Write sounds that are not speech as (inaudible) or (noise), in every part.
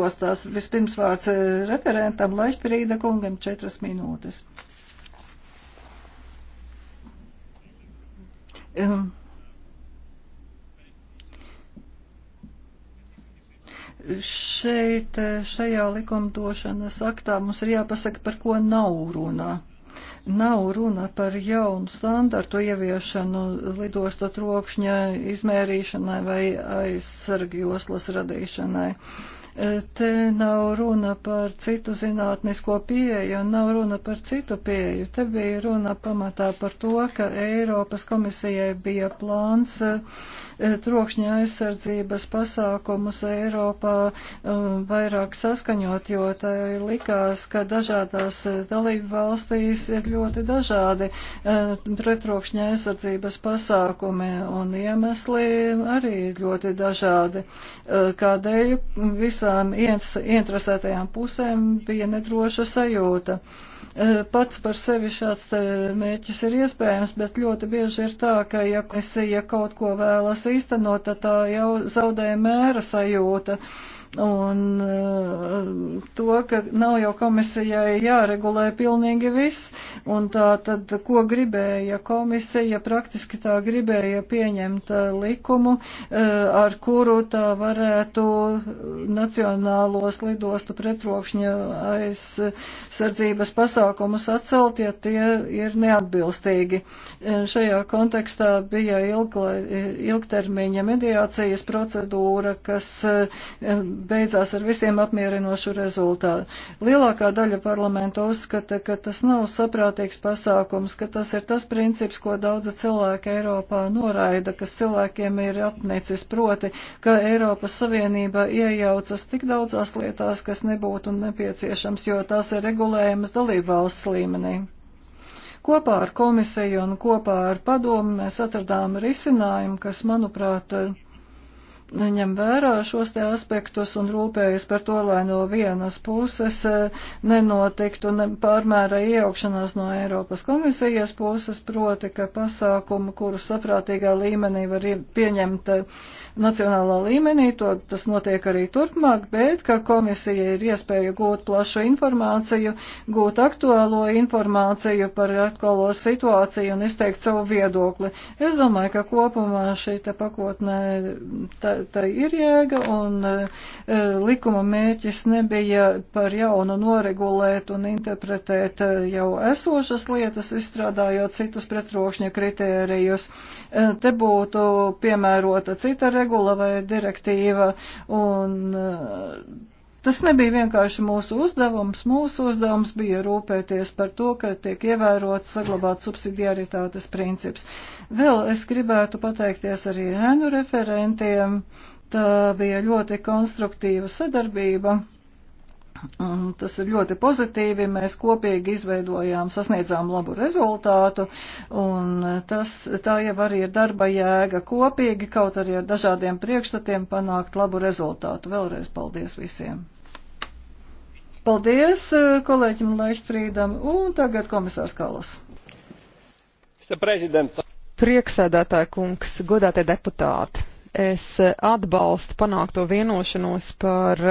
ostās. Vispirms vārds eh, referentam Laišprīda kungam četras minūtes. Um. Šeit, eh, šajā likumdošanas aktā mums ir jāpasaka, par ko nav runā nav runa par jaunu standartu ieviešanu lidostu trokšņa izmērīšanai vai aizsargjoslas radīšanai. Uh, E, te nav runa par citu zinātnisko pieeju un nav runa par citu pieeju. Te bija runa pamatā par to, ka Eiropas komisijai bija plāns e, trokšņa aizsardzības pasākumus Eiropā e, vairāk saskaņot, jo tā likās, ka dažādās dalību valstīs ir ļoti dažādi pretrokšņa aizsardzības pasākumi un iemesli arī ļoti dažādi. Kādēļ visu visām um, ieinteresētajām pusēm bija nedroša sajūta. E, pats par sevi šāds mērķis ir iespējams, bet ļoti bieži ir tā, ka ja komisija kaut ko vēlas īstenot, tad tā jau zaudē mēra sajūta. Uh, un eh, to, ka nav jau komisijai jāregulē pilnīgi viss, un tā tad, ko gribēja komisija, praktiski tā gribēja pieņemt eh, likumu, eh, ar kuru tā varētu nacionālos lidostu pretropšņa aizsardzības pasākumus atcelt, ja tie ir neatbilstīgi. Šajā kontekstā bija ilgla, ilgtermiņa mediācijas procedūra, kas beidzās ar visiem apmierinošu rezultātu. Lielākā daļa parlamenta uzskata, ka tas nav saprātīgs pasākums, ka tas ir tas princips, ko daudzi cilvēki Eiropā noraida, kas cilvēkiem ir apnicis proti, ka Eiropas Savienība iejaucas tik daudzās lietās, kas nebūtu nepieciešams, jo tās ir regulējamas dalību valsts līmenī. Kopā ar komisiju un kopā ar padomu mēs atradām risinājumu, kas, manuprāt, ņem vērā šos te aspektus un rūpējas par to, lai no vienas puses eh, nenotiktu pārmēra iejaukšanās no Eiropas komisijas puses, proti, ka pasākumu, kuru saprātīgā līmenī var pieņemt eh, nacionālā līmenī, to tas notiek arī turpmāk, bet ka komisija ir iespēja gūt plašu informāciju, gūt aktuālo informāciju par aktuālo situāciju un izteikt savu viedokli. Es domāju, ka kopumā šī pakotne tā, tai ir jēga, un e, likuma mērķis nebija par jaunu noregulēt un interpretēt e, jau esošas lietas, izstrādājot citus pretrokšņa kritērijus. E, te būtu piemērota cita regula vai direktīva, un Tas nebija vienkārši mūsu uzdevums. Mūsu uzdevums bija rūpēties par to, ka tiek ievērots saglabāt subsidiaritātes princips. Vēl es gribētu pateikties arī ēnu referentiem. Tā bija ļoti konstruktīva sadarbība. Un tas ir ļoti pozitīvi, mēs kopīgi izveidojām, sasniedzām labu rezultātu, un tas, tā jau arī ir darba jēga kopīgi, kaut arī ar dažādiem priekšstatiem panākt labu rezultātu. Vēlreiz paldies visiem! Paldies eh, kolēģim Leichtfrīdam un tagad komisārs Kalas. Prieksēdētāja kungs, godātie deputāti, es eh, atbalstu panākto vienošanos par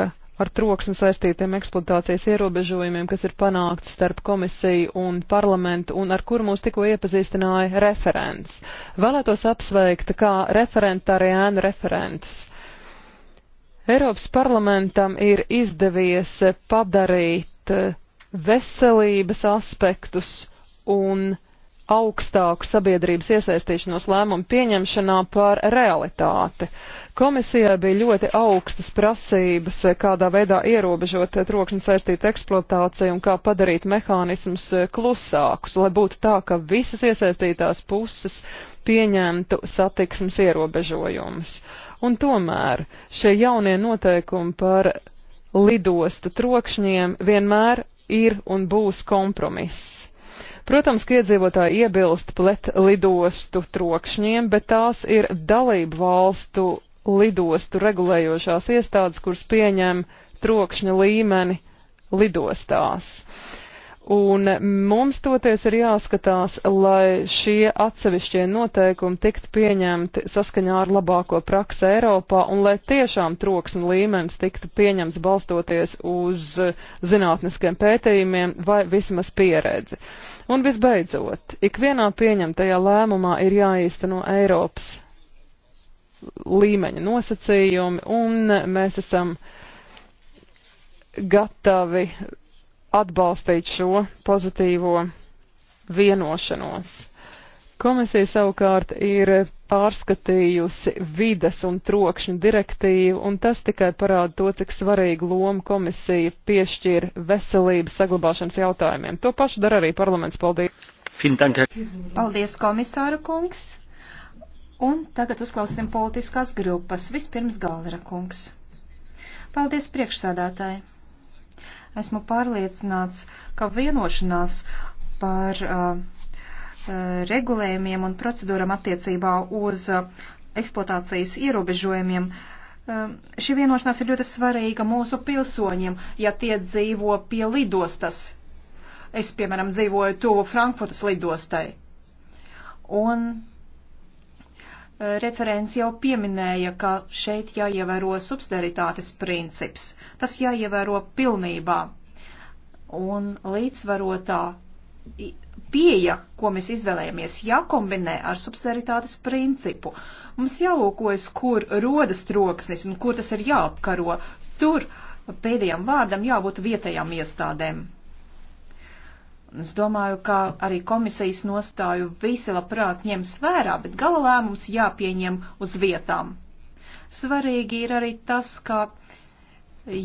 ar troksni saistītiem eksploatācijas ierobežojumiem, kas ir panākts starp komisiju un parlamentu un ar kur mūs tikko iepazīstināja referents. Vēlētos apsveikt kā referentu arī ēnu referents. Eiropas parlamentam ir izdevies padarīt eh, veselības aspektus un augstāku sabiedrības iesaistīšanos lēmumu pieņemšanā par realitāti. Komisijai bija ļoti augstas prasības, eh, kādā veidā ierobežot eh, trokšņu saistītu eksploatāciju un kā padarīt mehānismus klusākus, lai būtu tā, ka visas iesaistītās puses uh, pieņemtu satiksmes ierobežojumus. Un tomēr šie jaunie noteikumi par lidostu trokšņiem vienmēr ir un būs kompromiss. Protams, ka iedzīvotāji iebilst pret lidostu trokšņiem, bet tās ir dalību valstu lidostu regulējošās iestādes, kuras pieņem trokšņa līmeni lidostās. Uh, Un mums toties ir jāskatās, lai šie atsevišķie noteikumi tiktu pieņemti saskaņā ar labāko praksi Eiropā un lai tiešām troksni līmenis tiktu pieņemts balstoties uz zinātniskiem pētījumiem vai vismaz pieredzi. Un visbeidzot, ikvienā pieņemtajā lēmumā ir jāīsteno Eiropas līmeņa nosacījumi un mēs esam gatavi atbalstīt šo pozitīvo vienošanos. Komisija savukārt ir pārskatījusi vides un trokšņu direktīvu, un tas tikai parāda to, cik svarīgu lomu komisija piešķir veselības saglabāšanas jautājumiem. To pašu dara arī parlaments. Paldies! Paldies, komisāra kungs! Un tagad uzklausīsim politiskās grupas. Vispirms Gālera kungs. Paldies priekšsādātāji! Esmu pārliecināts, ka vienošanās par uh, uh, regulējumiem un procedūram attiecībā uz uh, eksploatācijas ierobežojumiem. Uh, šī vienošanās ir ļoti svarīga mūsu pilsoņiem, ja tie dzīvo pie lidostas. Es, piemēram, dzīvoju tuvu Frankfurtas lidostai. Un referents jau pieminēja, ka šeit jāievēro subsidiaritātes princips. Tas jāievēro pilnībā. Un līdzvarotā pieeja, ko mēs izvēlējamies, jākombinē ar subsidiaritātes principu. Mums jālūkojas, kur rodas troksnis un kur tas ir jāapkaro. Tur pēdējam vārdam jābūt vietējām iestādēm. Es domāju, ka arī komisijas nostāju visi labprāt ņems vērā, bet gala lēmums jāpieņem uz vietām. Svarīgi ir arī tas, ka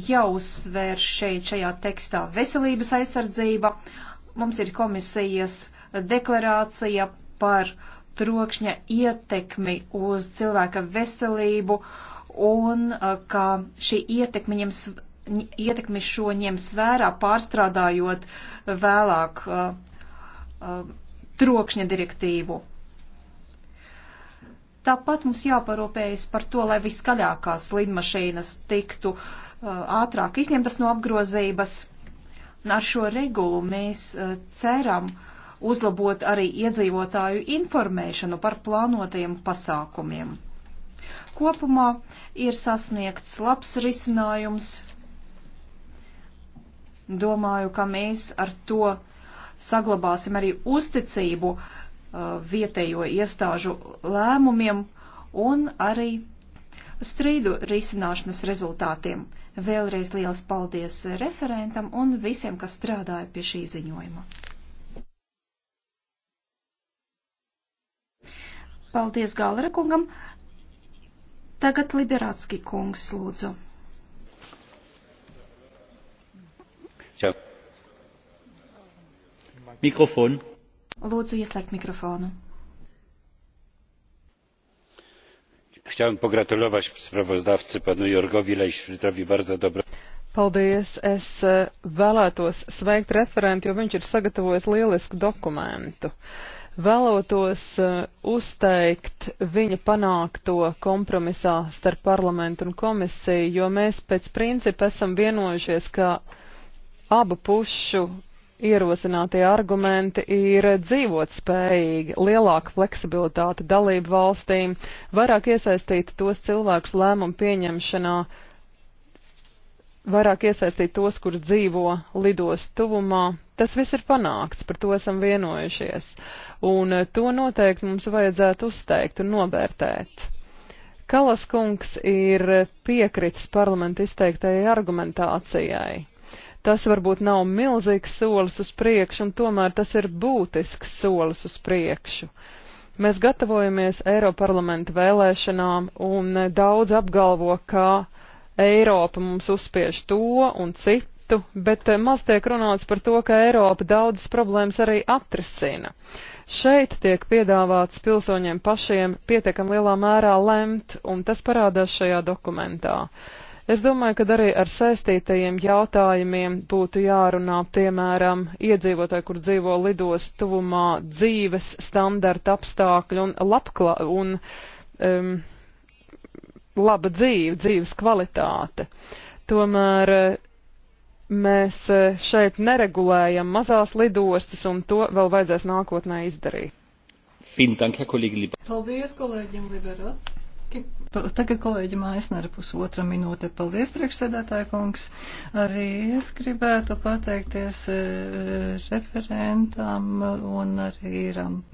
jāuzsver šeit šajā tekstā veselības aizsardzība. Mums ir komisijas deklarācija par trokšņa ietekmi uz cilvēka veselību un ka šī ietekme ņems ietekmi šo ņems vērā, pārstrādājot vēlāk uh, uh, trokšņa direktīvu. Tāpat mums jāparūpējas par to, lai viskaļākās lidmašīnas tiktu uh, ātrāk izņemtas no apgrozības. Un ar šo regulu mēs uh, ceram uzlabot arī iedzīvotāju informēšanu par plānotajiem pasākumiem. Kopumā ir sasniegts labs risinājums Domāju, ka mēs ar to saglabāsim arī uzticību uh, vietējo iestāžu lēmumiem un arī strīdu risināšanas rezultātiem. Vēlreiz liels paldies referentam un visiem, kas strādāja pie šī ziņojuma. Paldies Galera kungam. Tagad Liberācki kungs lūdzu. Mikrofon. Lūdzu, ieslēgt mikrofonu. Chciałem pogratulować sprawozdawcy panu Jorgowi Lejszfrydowi bardzo dobro. Paldies! Es e, vēlētos sveikt referentu, jo viņš ir sagatavojis lielisku dokumentu. Vēlētos e, uzteikt viņa panākto kompromisā starp parlamentu un komisiju, jo mēs pēc principa esam vienojušies, ka abu pušu ierosinātie argumenti ir dzīvot spējīgi, lielāka fleksibilitāte dalību valstīm, vairāk iesaistīt tos cilvēkus lēmumu pieņemšanā, vairāk iesaistīt tos, kur dzīvo lidos tuvumā. Tas viss ir panākts, par to esam vienojušies, un to noteikti mums vajadzētu uzteikt un novērtēt. Kalas kungs ir piekritis parlamentu izteiktajai argumentācijai Tas varbūt nav milzīgs solis uz priekšu, un tomēr tas ir būtisks solis uz priekšu. Mēs gatavojamies Eiroparlamenta vēlēšanām, un daudz apgalvo, ka Eiropa mums uzspiež to un citu, bet maz tiek runāts par to, ka Eiropa daudzas problēmas arī atrisina. Šeit tiek piedāvāts pilsoņiem pašiem pietiekam lielā mērā lemt, un tas parādās šajā dokumentā. Uh, Es domāju, ka arī ar saistītajiem jautājumiem būtu jārunā, piemēram, iedzīvotāji, kur dzīvo lidos tuvumā, dzīves standarta apstākļi un, labklā, un um, laba dzīve, dzīves kvalitāte. Tomēr eh, mēs eh, šeit neregulējam mazās lidostas, un to vēl vajadzēs nākotnē izdarīt. Paldies kolēģim Liberats. Tagad kolēģi Maisnera pusotra minūte. Paldies, priekšsēdētāja kungs. Arī es gribētu pateikties e, referentam un arī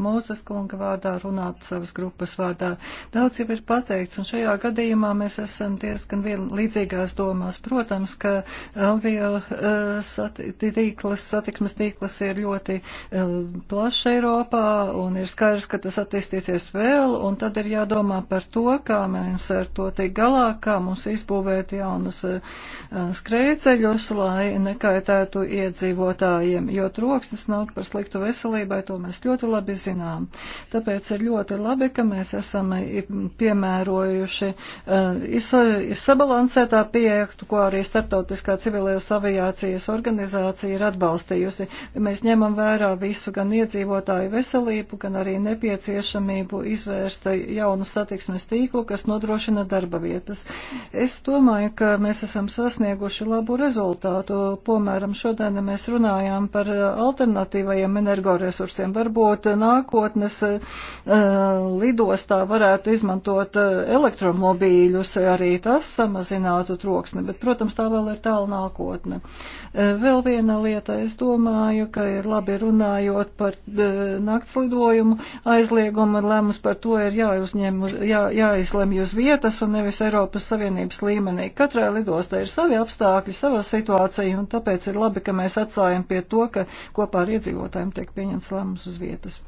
Mūzes kunga vārdā runāt savas grupas vārdā. Daudz jau ir pateikts, un šajā gadījumā mēs esam diezgan vien, līdzīgās domās. Protams, ka avio e, sati tīklas, satiksmes tīklas ir ļoti e, plašs Eiropā, un ir skaidrs, ka tas attīstīsies vēl, un tad ir jādomā par to, kā mēs iespējams ar to tikt galā, kā mums izbūvēt jaunas eh, skrēceļus, lai nekaitētu iedzīvotājiem, jo troksnis nāk par sliktu veselībai, to mēs ļoti labi zinām. Tāpēc ir ļoti labi, ka mēs esam eh, piemērojuši eh, sabalansētā pieektu, ko arī Startautiskā civilijas aviācijas organizācija ir atbalstījusi. Mēs ņemam vērā visu gan iedzīvotāju veselību, gan arī nepieciešamību izvērst jaunu satiksmes tīklu, kas nodrošina darba vietas. Es domāju, ka mēs esam sasnieguši labu rezultātu. Piemēram, šodien mēs runājām par alternatīvajiem energoresursiem. Varbūt nākotnes uh, lidostā varētu izmantot eh, elektromobīļus, arī tas samazinātu troksni, bet, protams, tā vēl ir tālu nākotne. Uh, vēl viena lieta, es domāju, ka ir labi runājot par uh, naktslidojumu aizliegumu, lēmums par to ir jāuzņem, jā, jāizlemj uz vietas un nevis Eiropas Savienības līmenī. Katrai lidostai ir savi apstākļi, sava situācija, un tāpēc ir labi, ka mēs atsājam pie to, ka kopā ar iedzīvotājiem tiek pieņemts lēmums uz vietas.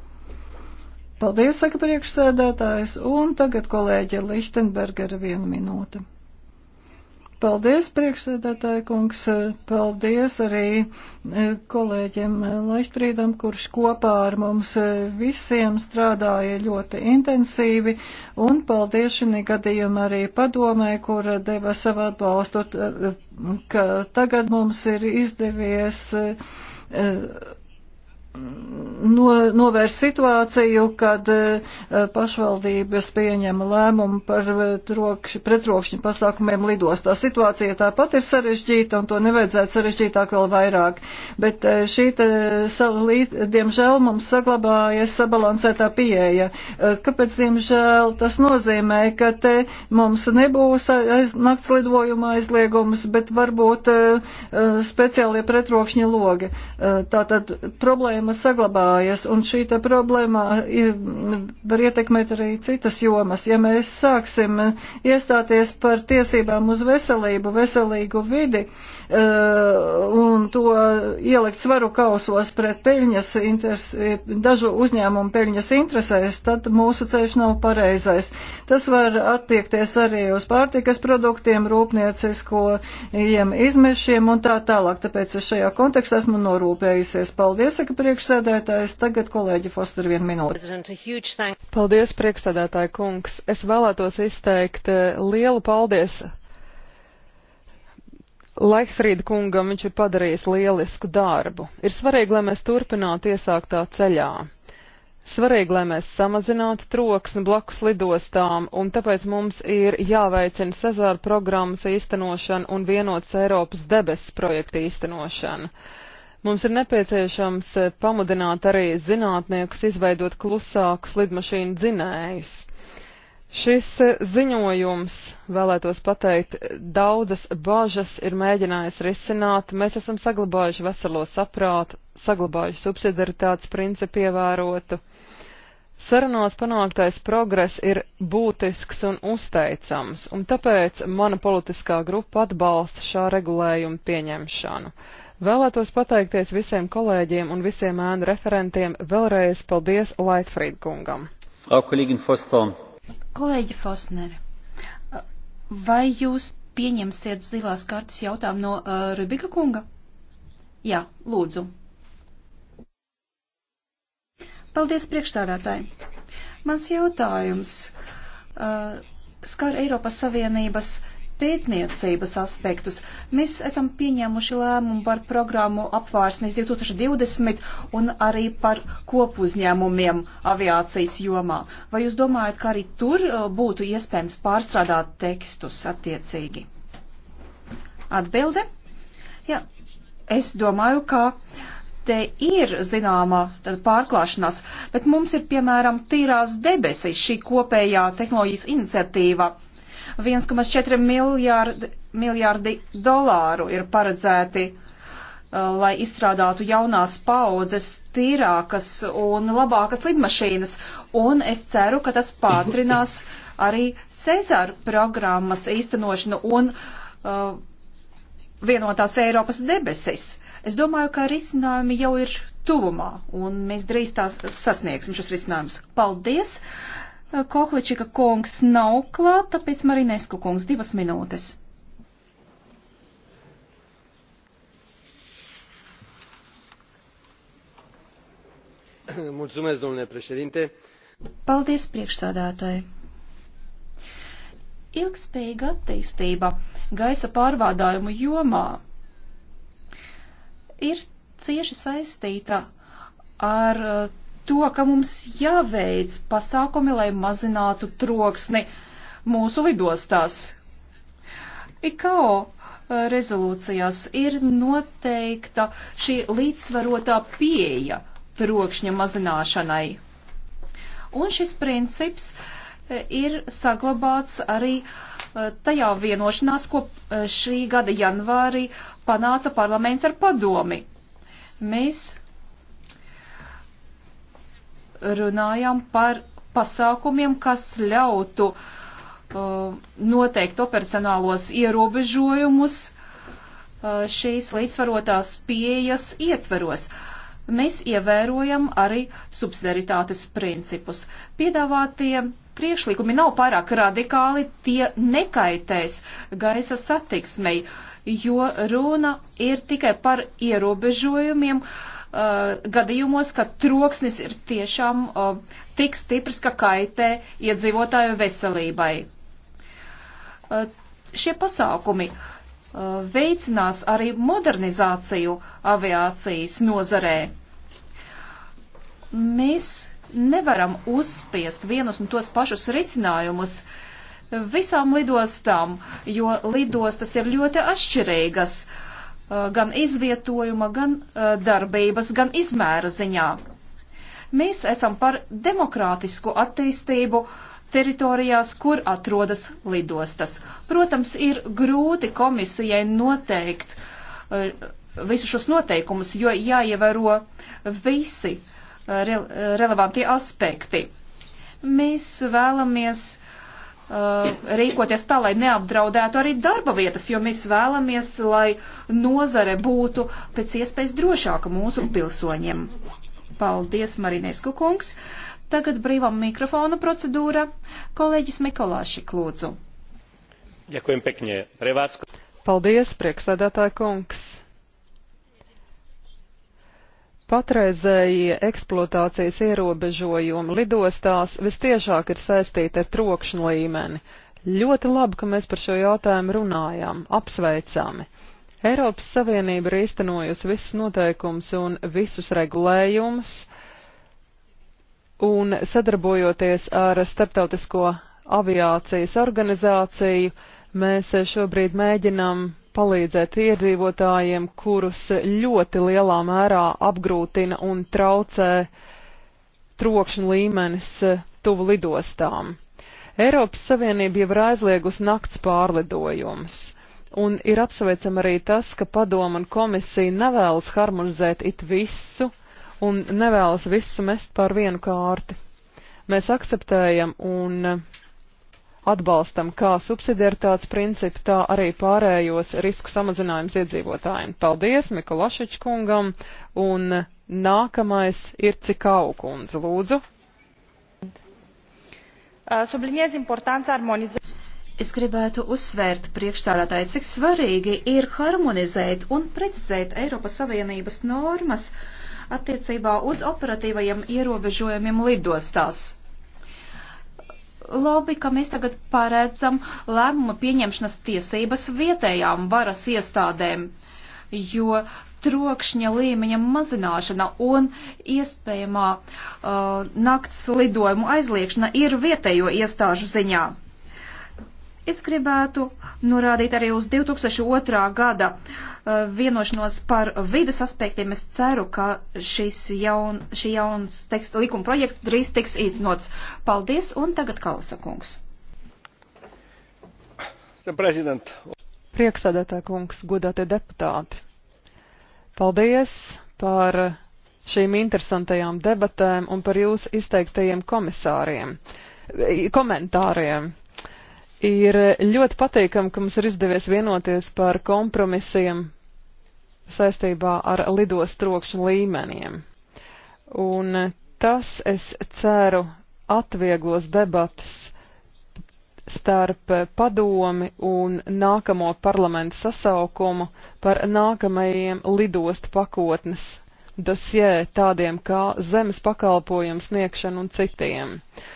Paldies, saka priekšsēdētājs, un tagad kolēģe Lichtenbergera viena minūte. Paldies, priekšsēdētāja kungs, paldies arī e, kolēģiem Laišprīdam, kurš kopā ar mums e, visiem strādāja ļoti intensīvi, un paldies šī gadījumā arī padomē, kura deva savu atbalstu, e, ka tagad mums ir izdevies no, novērst situāciju, kad eh, pašvaldības pieņem lēmumu par trokšņu, pretrokšņu pasākumiem lidostā. Situācija tāpat ir sarežģīta un to nevajadzētu sarežģītāk vēl vairāk. Bet eh, šī, te, diemžēl, mums saglabājies sabalansētā pieeja. Eh, kāpēc, diemžēl, tas nozīmē, ka te mums nebūs aiz, nakts lidojuma aizliegums, bet varbūt speciālie pretrokšņi logi. Tātad problēma problēma saglabājas, un šī problēma ir, var ietekmēt arī citas jomas. Ja mēs sāksim e, iestāties par tiesībām uz veselību, veselīgu vidi e, un to ielikt svaru kausos pret peļņas interes, e, dažu uzņēmumu peļņas interesēs, tad mūsu ceļš nav pareizais. Tas var attiekties arī uz pārtikas produktiem, rūpnieciskojiem izmešiem un tā tālāk. Tāpēc es šajā kontekstā esmu norūpējusies. Paldies, ka priekšsēdētāji priekšsēdētājs. Tagad kolēģi Foster vienu minūti. Paldies, priekšsēdētāja kungs. Es vēlētos izteikt e, lielu paldies Leihfrīda kungam. Viņš ir padarījis lielisku darbu. Ir svarīgi, lai mēs turpinātu iesāktā ceļā. Svarīgi, lai mēs samazinātu troksni blakus lidostām, un tāpēc mums ir jāveicina Cezāra programmas īstenošana un vienots Eiropas debesis projekta īstenošana. Mums ir nepieciešams eh, pamudināt arī zinātniekus izveidot klusākus lidmašīnu dzinējus. Šis eh, ziņojums, vēlētos pateikt, daudzas bažas ir mēģinājis risināt. Mēs esam saglabājuši veselo saprātu, saglabājuši subsidiaritātes principu ievērotu. Sarunās panāktais progress ir būtisks un uzteicams, un tāpēc mana politiskā grupa atbalsta šā regulējuma pieņemšanu. Vēlētos pateikties visiem kolēģiem un visiem ēnu referentiem. Vēlreiz paldies Laitfrīd kungam. Kolēģi Fosneri, vai jūs pieņemsiet zilās kartas jautājumu no uh, Rubika kunga? Jā, lūdzu. Paldies priekšstādātāji. Mans jautājums uh, skar Eiropas Savienības uh, pētniecības aspektus. Mēs esam pieņēmuši lēmumu par programmu apvārsnes 2020 un arī par kopuzņēmumiem aviācijas jomā. Vai jūs domājat, ka arī tur uh, būtu iespējams pārstrādāt tekstus attiecīgi? Atbilde? Jā, es domāju, ka te ir zināma pārklāšanās, bet mums ir piemēram tīrās debesis šī kopējā tehnoloģijas iniciatīva 1,4 miljārdi, miljārdi dolāru ir paredzēti, uh, lai izstrādātu jaunās paudzes tīrākas un labākas lidmašīnas. Un es ceru, ka tas pātrinās arī Cezara programmas īstenošanu un uh, vienotās Eiropas debesis. Es domāju, ka risinājumi jau ir tuvumā, un mēs drīz tās sasniegsim šos risinājumus. Paldies! Uh, Kohličika kungs nav klāt, tāpēc Marinesku kungs divas minūtes. (coughs) Mulțumesc, domnule președinte. Paldies, priekšsādātāji. Ilgspējīga attīstība gaisa pārvādājumu jomā ir cieši saistīta ar to, ka mums jāveic pasākumi, lai mazinātu troksni mūsu lidostās. IKO eh, rezolūcijās ir noteikta šī līdzsvarotā pieeja trokšņa mazināšanai. Un šis princips eh, ir saglabāts arī eh, tajā vienošanās, ko šī gada janvārī panāca parlaments ar padomi. Mēs runājām par pasākumiem, kas ļautu uh, noteikt operacionālos ierobežojumus uh, šīs līdzsvarotās pieejas ietveros. Mēs ievērojam arī subsidiaritātes principus. Piedāvātie priekšlikumi nav pārāk radikāli, tie nekaitēs gaisa satiksmei, jo runa ir tikai par ierobežojumiem, uh, Uh, gadījumos, kad troksnis ir tiešām uh, tik stiprs, ka kaitē iedzīvotāju veselībai. Uh, šie pasākumi veicinās arī modernizāciju aviācijas nozarē. Mēs nevaram uzspiest vienus un tos pašus risinājumus visām lidostām, jo lidostas ir ļoti atšķirīgas. Uh, Uh, gan izvietojuma, gan uh, darbības, gan izmēra ziņā. Mēs esam par demokrātisku attīstību teritorijās, kur atrodas lidostas. Protams, ir grūti komisijai noteikt uh, visus šos noteikumus, jo jāievēro visi relevantie aspekti. Mēs vēlamies uh, Uh, rīkoties tā, lai neapdraudētu arī darba vietas, jo mēs vēlamies, lai nozare būtu pēc iespējas drošāka mūsu pilsoņiem. Paldies, Marinesku kungs. Tagad brīvā mikrofona procedūra. Kolēģis Mikolāšik, lūdzu. Ďakujem pekne. Prevádzku. Paldies, prieksēdētāja kungs. Patreizējie eksploatācijas ierobežojumi lidostās vistiešāk ir saistīti ar trokšņu līmeni. Ļoti labi, ka mēs par šo jautājumu runājām, apsveicami. Eiropas Savienība ir īstenojusi visus noteikumus un visus regulējumus, un sadarbojoties ar Starptautisko aviācijas organizāciju, mēs šobrīd mēģinam palīdzēt iedzīvotājiem, kurus ļoti lielā mērā apgrūtina un traucē trokšņa līmenis tuvu lidostām. Eiropas Savienība jau ir aizliegusi nakts pārlidojumus. Un ir apsveicam arī tas, ka padoma un komisija nevēlas harmonizēt it visu un nevēlas visu mest pār vienu kārti. Mēs akceptējam un uh, atbalstam kā subsidiaritātes principu, tā arī pārējos risku samazinājums iedzīvotājiem. Paldies Mikulašič kungam, un nākamais ir Cikau kundze, lūdzu. Uh, es gribētu uzsvērt priekšstādātāji, cik svarīgi ir harmonizēt un precizēt Eiropas Savienības normas attiecībā uz operatīvajiem ierobežojumiem lidostās labi, ka mēs tagad paredzam lēmuma pieņemšanas tiesības vietējām varas iestādēm, jo trokšņa līmeņa mazināšana un iespējamā uh, nakts lidojumu aizliekšana ir vietējo iestāžu ziņā. Es gribētu norādīt arī uz 2002. gada uh, vienošanos par vides aspektiem. Es ceru, ka šis jaun, šī jauns teksta likuma projekts drīz tiks īstenots. Paldies, un tagad Kalasa kungs. Prieksēdētā kungs, godātie deputāti. Paldies par šīm interesantajām debatēm un par jūsu izteiktajiem komisāriem, komentāriem. Ir ļoti pateikami, ka mums ir izdevies vienoties par kompromisiem saistībā ar lidostroksņu līmeniem. Un tas, es ceru, atvieglos debatas starp padomi un nākamo parlamentu sasaukumu par nākamajiem lidostu pakotnes dosjē tādiem kā zemes pakalpojums sniegšana un citiem. Uh,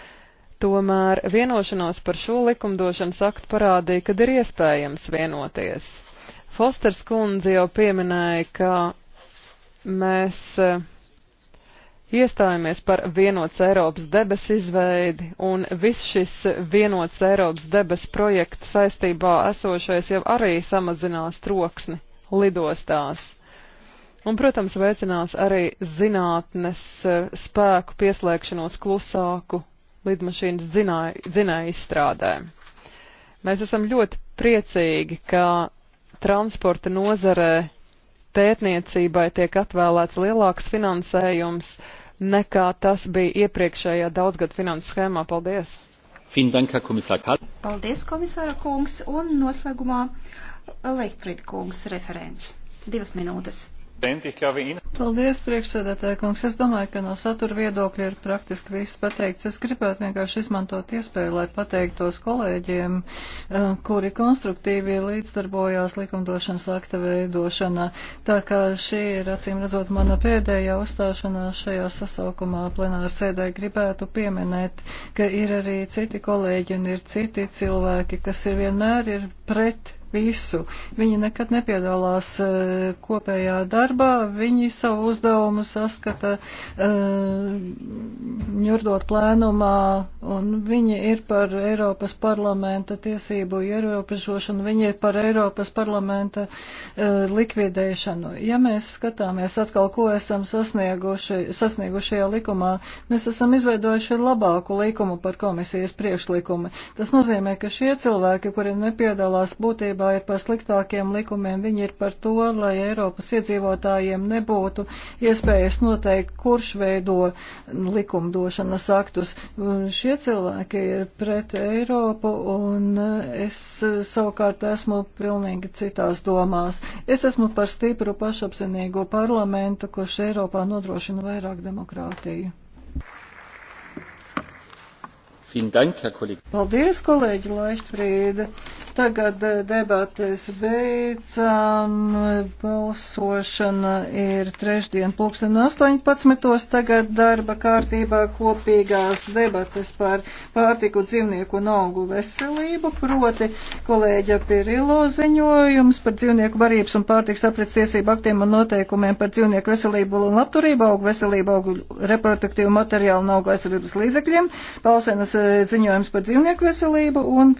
Tomēr vienošanās par šo likumdošanas aktu parādīja, kad ir iespējams vienoties. Fosters kundze jau pieminēja, ka mēs eh, iestājāmies par vienots Eiropas debes izveidi, un viss šis vienots Eiropas debes projekts saistībā esošais jau arī samazinās troksni lidostās un, protams, veicinās arī zinātnes eh, spēku pieslēgšanos klusāku lidmašīnas dzinēja izstrādē. Mēs esam ļoti priecīgi, ka transporta nozarē pētniecībai tiek atvēlēts lielāks finansējums nekā tas bija iepriekšējā daudzgad finansu schēmā. Paldies! Paldies, komisāra kungs, un noslēgumā Lehtfried kungs referents. Divas minūtes. Paldies, priekšsēdētāji kungs. Es domāju, ka no satura viedokļa ir praktiski viss pateikts. Es gribētu vienkārši izmantot iespēju, lai pateiktos kolēģiem, eh, kuri konstruktīvi līdzdarbojās likumdošanas akta veidošanā. Tā kā šī ir, acīm redzot, mana pēdējā uzstāšanās šajā sasaukumā plenāra sēdē, gribētu pieminēt, ka ir arī citi kolēģi un ir citi cilvēki, kas ir vienmēr ir pret visu. Viņi nekad nepiedalās eh, kopējā darbā, viņi savu uzdevumu saskata eh, ņurdot plēnumā, un viņi ir par Eiropas parlamenta tiesību ierobežošanu, viņi ir par Eiropas parlamenta eh, likvidēšanu. Ja mēs skatāmies atkal, ko esam sasnieguši, sasniegušajā likumā, mēs esam izveidojuši labāku likumu par komisijas priekšlikumu. Tas nozīmē, ka šie cilvēki, kuri nepiedalās būtībā, patiesībā ir par sliktākiem likumiem. Viņi ir par to, lai Eiropas iedzīvotājiem nebūtu iespējas noteikt, kurš veido likumdošanas aktus. Šie cilvēki ir pret Eiropu, un es savukārt esmu pilnīgi citās domās. Es esmu par stipru pašapzinīgu parlamentu, kurš Eiropā nodrošina vairāk demokrātiju. Paldies, kolēģi Laišprīda! Tagad eh, debates beidzām. Balsošana ir trešdien pulksten 18. Tagad darba kārtībā kopīgās debates par pārtiku dzīvnieku un augu veselību, proti kolēģa Pirilo ziņojums par dzīvnieku barības un pārtiks aprits tiesību aktiem un noteikumiem par dzīvnieku veselību un labturību, augu veselību, augu reproduktīvu materiālu un augu aizsardzības līdzekļiem, Palsenas eh, ziņojums par dzīvnieku veselību un